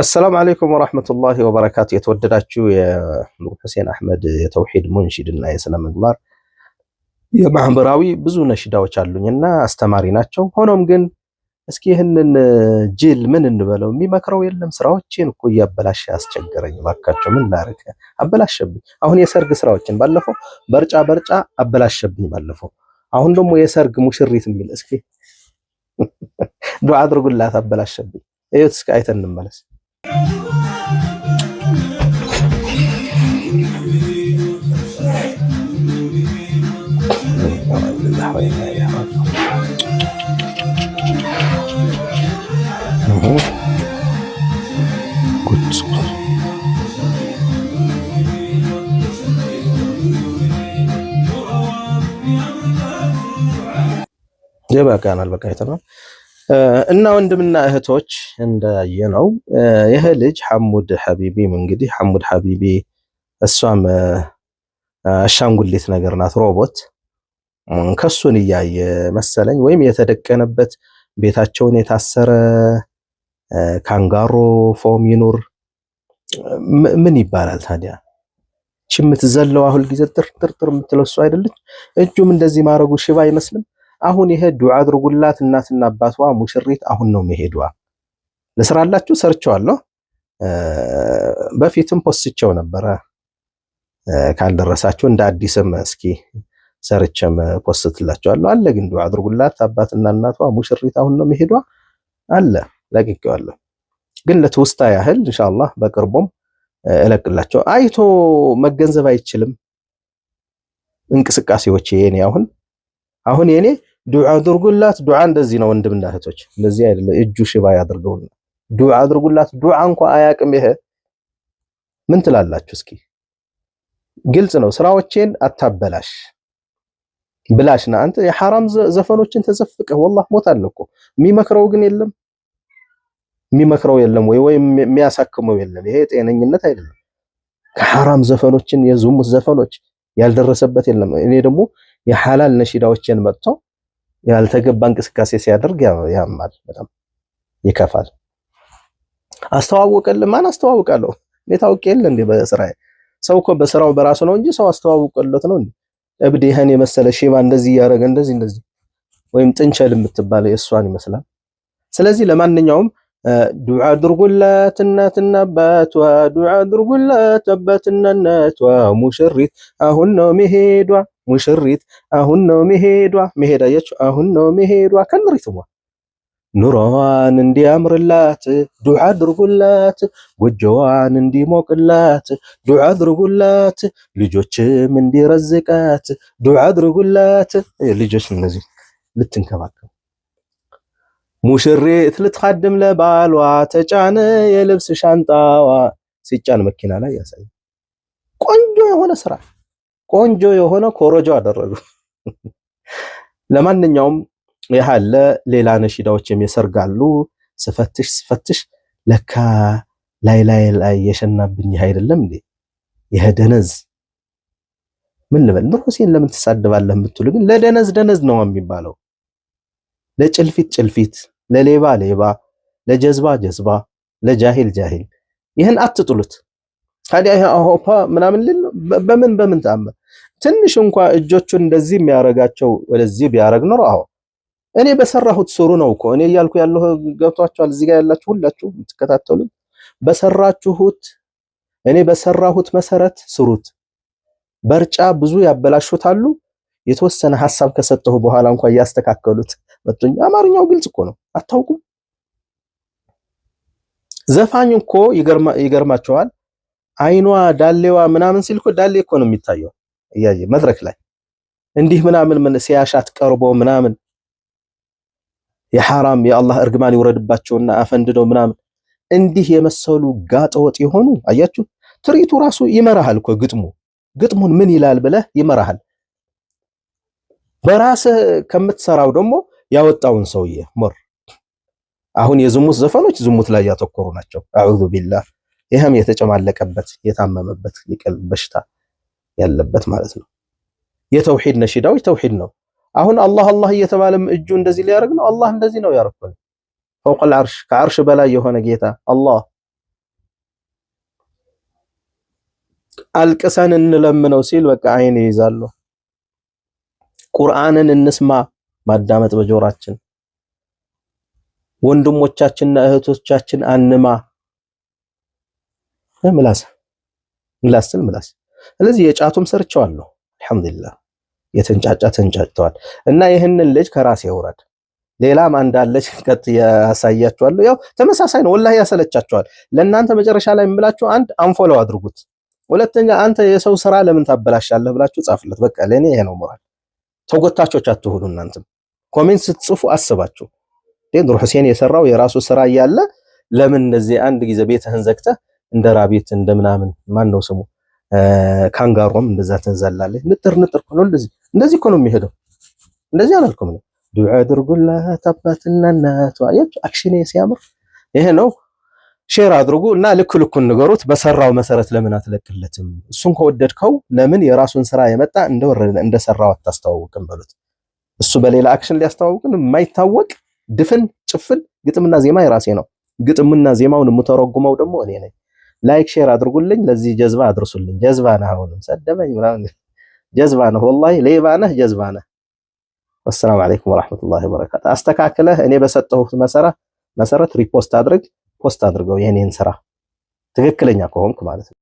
አሰላሙ አለይኩም ወራህመቱላሂ ወበረካቱ። የተወደዳችሁ የኑር ሁሴን አህመድ የተውሂድ ሙንሺድ እና የስነ ምግባር የማህበራዊ ብዙ ነሽዳዎች አሉኝ እና አስተማሪ ናቸው። ሆኖም ግን እስኪ ይህንን ጅል ምን እንበለው የሚመክረው የለም። ስራዎችን እኮ እያበላሸ አስቸገረኝ። ባካቸው ምን ላድርግ? አበላሸብኝ። አሁን የሰርግ ስራዎችን ባለፈው በርጫ በርጫ አበላሸብኝ። ባለፈው አሁን ደግሞ የሰርግ ሙሽሪት የሚል እስኪ ዱዓ አድርጉላት። አበላሸብኝ። እዩት፣ እስኪ አይተን እንመለስ። جايبها كان البكاية تمام እና ወንድምና እህቶች እንዳየ ነው ይሄ ልጅ ሐሙድ ሐቢቢም እንግዲህ ሐሙድ ሐቢቢ እሷም አሻንጉሊት ነገር ናት፣ ሮቦት ከሱን እያየ መሰለኝ ወይም የተደቀነበት ቤታቸውን የታሰረ ካንጋሮ ፎም ይኑር ምን ይባላል ታዲያ? ች የምትዘለው አሁል ጊዜ ጥርጥርጥር የምትለው እሱ አይደለች? እጁም እንደዚህ ማረጉ ሽባ አይመስልም? አሁን ይሄ ዱዓ አድርጉላት እናትና አባቷ ሙሽሪት አሁን ነው መሄዷ። ልስራላችሁ ሰርቸዋለሁ። በፊትም ፖስትቸው ነበረ። ካልደረሳችሁ እንደ አዲስም እስኪ ሰርቸም ፖስትላችኋለሁ አለ። ግን ዱዓ አድርጉላት አባትና እናቷ ሙሽሪት አሁን ነው መሄዷ አለ። ለቅቄዋለሁ። ግን ለትውስታ ያህል ኢንሻአላህ በቅርቡም እለቅላቸው። አይቶ መገንዘብ አይችልም እንቅስቃሴዎች የኔ አሁን አሁን የኔ ዱዓ አድርጉላት። ዱዓ እንደዚህ ነው ወንድምና እህቶች፣ እንደዚህ አይደለም እጁ ሽባ ያድርገውና ዱዓ አድርጉላት። ዱዓ እንኳ አያቅም ይሄ ምን ትላላችሁ እስኪ? ግልጽ ነው። ስራዎቼን አታበላሽ ብላሽ ና አንተ የሐራም ዘፈኖችን ተዘፍቀህ ወላሂ ሞታለሁ እኮ። የሚመክረው ግን የለም የሚመክረው የለም ወይ ወይ የሚያሳክመው የለም። ይሄ ጤነኝነት አይደለም። ከሐራም ዘፈኖችን የዙሙት ዘፈኖች ያልደረሰበት የለም። እኔ ደግሞ የሐላል ነሺዳዎችን መጥተው ያልተገባ እንቅስቃሴ ሲያደርግ ያማል፣ በጣም ይከፋል። አስተዋወቀልህ ማን አስተዋውቃለሁ? እኔ ታውቄ የለ እንዴ በስራዬ። ሰው እኮ በስራው በራሱ ነው እንጂ ሰው አስተዋውቀለት ነው እንዴ? እብድ ይሄን የመሰለ ሼባ እንደዚህ እያደረገ እንደዚህ እንደዚህ፣ ወይም ጥንቸል የምትባለ የእሷን ይመስላል። ስለዚህ ለማንኛውም ዱዓ አድርጉላት እናትና አባቷ፣ ዱዓ አድርጉላት አባትና እናቷ። ሙሽሪት አሁን ነው መሄዷ ሙሽሪት አሁን ነው መሄዷ መሄድ አያችሁ፣ አሁን ነው መሄዷ ከነሪትሟ ኑሮዋን እንዲያምርላት ዱዓ አድርጉላት፣ ጎጆዋን እንዲሞቅላት ዱዓ አድርጉላት፣ ልጆችም እንዲረዝቃት ዱዓ አድርጉላት። ልጆች እነዚህ ልትንከባከብ ሙሽሪት ልትኻድም ለባሏ ተጫነ የልብስ ሻንጣዋ ሲጫን መኪና ላይ ያሳይ ቆንጆ የሆነ ስራ ቆንጆ የሆነ ኮሮጆ አደረጉ። ለማንኛውም ያህለ ሌላ ነሺዳዎች የሚሰርጋሉ ስፈትሽ ስፈትሽ ለካ ላይ ላይ ላይ የሸናብኝ ይህ አይደለም እንዴ ይህ ደነዝ ምን ልበል ኑር ሁሴን ለምን ትሳድባለህ የምትሉ ግን ለደነዝ ደነዝ ነው የሚባለው ለጭልፊት ጭልፊት ለሌባ ሌባ ለጀዝባ ጀዝባ ለጃሂል ጃሂል ይህን አትጥሉት ታዲያ ይሄ አውሮፓ ምናምን ልል በምን በምን ተአምር ትንሽ እንኳ እጆቹን እንደዚህ የሚያረጋቸው ወደዚህ ቢያረግ ኖሮ አሁን እኔ በሰራሁት ስሩ ነው እኮ እኔ እያልኩ ያለሁ ገብቷቸዋል። እዚህ ጋር ያላችሁ ሁላችሁ የምትከታተሉ በሰራችሁት እኔ በሰራሁት መሰረት ስሩት። በርጫ ብዙ ያበላሹታሉ። የተወሰነ ሐሳብ ከሰጠሁ በኋላ እንኳን እያስተካከሉት መጡኝ። አማርኛው ግልጽ እኮ ነው፣ አታውቁም? ዘፋኝ እኮ ይገርማቸዋል። አይኗ ዳሌዋ ምናምን ሲል እኮ ዳሌ እኮ ነው የሚታየው እያየ መድረክ ላይ እንዲህ ምናምን ምን ሲያሻት ቀርቦ ምናምን የሐራም የአላህ እርግማን ይውረድባቸውና አፈንድደው ምናምን እንዲህ የመሰሉ ጋጠወጥ የሆኑ አያችሁ፣ ትርኢቱ ራሱ ይመራሃል እኮ ግጥሙ ግጥሙን ምን ይላል ብለህ ይመራሃል። በራስህ ከምትሰራው ደግሞ ያወጣውን ሰውዬ ሞር አሁን የዝሙት ዘፈኖች ዝሙት ላይ ያተኮሩ ናቸው። አዑዙ ቢላህ ይህም የተጨማለቀበት የታመመበት የቀልብ በሽታ ያለበት ማለት ነው። የተውሂድ ነሺዳዎች ተውሂድ ነው። አሁን አላህ አላህ እየተባለም እጁ እንደዚህ ሊያደርግ ነው። አላህ እንደዚህ ነው ያረኩን ፈውቀል አርሽ ከአርሽ በላይ የሆነ ጌታ አላህ አልቅሰን እንለምነው ሲል በቃ አይን ይይዛሉ። ቁርአንን እንስማ ማዳመጥ በጆራችን ወንድሞቻችንና እህቶቻችን አንማ ምላስ ምላስ ስል ምላስ። ስለዚህ የጫቱም ሰርቸዋለሁ። አልሐምዱሊላህ የተንጫጫ ተንጫጭተዋል። እና ይህንን ልጅ ከራሴ ውረድ። ሌላም አንዳለች ቀጥ ያሳያችኋለሁ። ያው ተመሳሳይ ነው። ወላሂ ያሰለቻችኋል። ለእናንተ መጨረሻ ላይ የምላችሁ አንድ አንፎለው አድርጉት። ሁለተኛ አንተ የሰው ስራ ለምን ታበላሻለህ ብላችሁ ጻፍለት። በቃ ለእኔ ይሄ ነው ሞራል። ተጎታቾች አትሁኑ። እናንተም ኮሜንት ስትጽፉ አስባችሁ ኑር ሁሴን የሰራው የራሱ ስራ እያለ ለምን እንደዚህ አንድ ጊዜ ቤትህን ዘግተህ እንደ ራቤት እንደ ምናምን ማን ነው ስሙ ካንጋሮም እንደዛ ትንዛላለች። ንጥር ንጥር ነው እንደዚህ እንደዚህ እኮ ነው የሚሄደው። እንደዚህ አላልኩም ነው ዱዓ አድርጉላት አባትና እናቷ። አያችሁ አክሽኔ ሲያምር ይሄ ነው። ሼር አድርጉ እና ልክ ልኩን ንገሩት። በሰራው መሰረት ለምን አትለቅለትም? እሱን ከወደድከው ለምን የራሱን ስራ የመጣ እንደወረደ እንደሰራው አታስተዋውቅም በሉት። እሱ በሌላ አክሽን ሊያስተዋውቅን የማይታወቅ ድፍን ጭፍን ግጥምና ዜማ የራሴ ነው። ግጥምና ዜማውን የምተረጉመው ደግሞ እኔ ነኝ። ላይክ ሼር አድርጉልኝ። ለዚህ ጀዝባ አድርሱልኝ። ጀዝባ ነህ፣ አሁንም ሰደበኝ ምናምን ጀዝባ ነህ፣ ወላሂ ሌባ ነህ፣ ጀዝባ ነህ። ወሰላም አለይኩም ወራህመቱላሂ ወበረካቱ። አስተካክለህ እኔ በሰጠሁት መሰረት ሪፖስት አድርግ፣ ፖስት አድርገው የኔን ስራ ትክክለኛ ከሆንክ ማለት ነው።